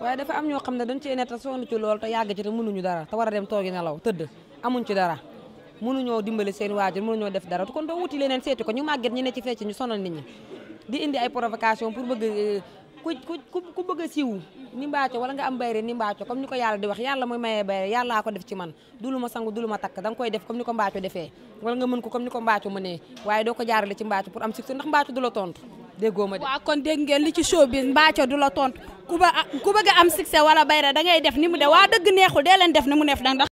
waaye dafa am ñoo xam ne dañ cee ne te sonn ci lool te yàgg ci te mënuñu dara te war a dem toogi nelaw tëdd amuñ ci dara mënuñoo dimbali seen waajur def dara kon doo wuti leneen seeti ko ñu màgget ñi ne ci fecc ñu sonal nit ñi di indi ay provocation pour bëgg euh, ku ku a siiw ni mbaaco wala am bayre ni mbaaco comme ko yàlla wax yàlla mooy mayee bayre yàllaa ko def ci man du lu ma sangu du lu ma takk da nga koy def comme ni ko mbaaco defee wala nga mën ko comme ni ko mbaaco mënee waaye doo ko jaarale ci mbaaco pour am succès ngeen li ci show bi du la tontu ku ba ku bëgg a am succès wala bayra da def ni mu def waa dëgg neexul dee leen def ni mu neef ndax.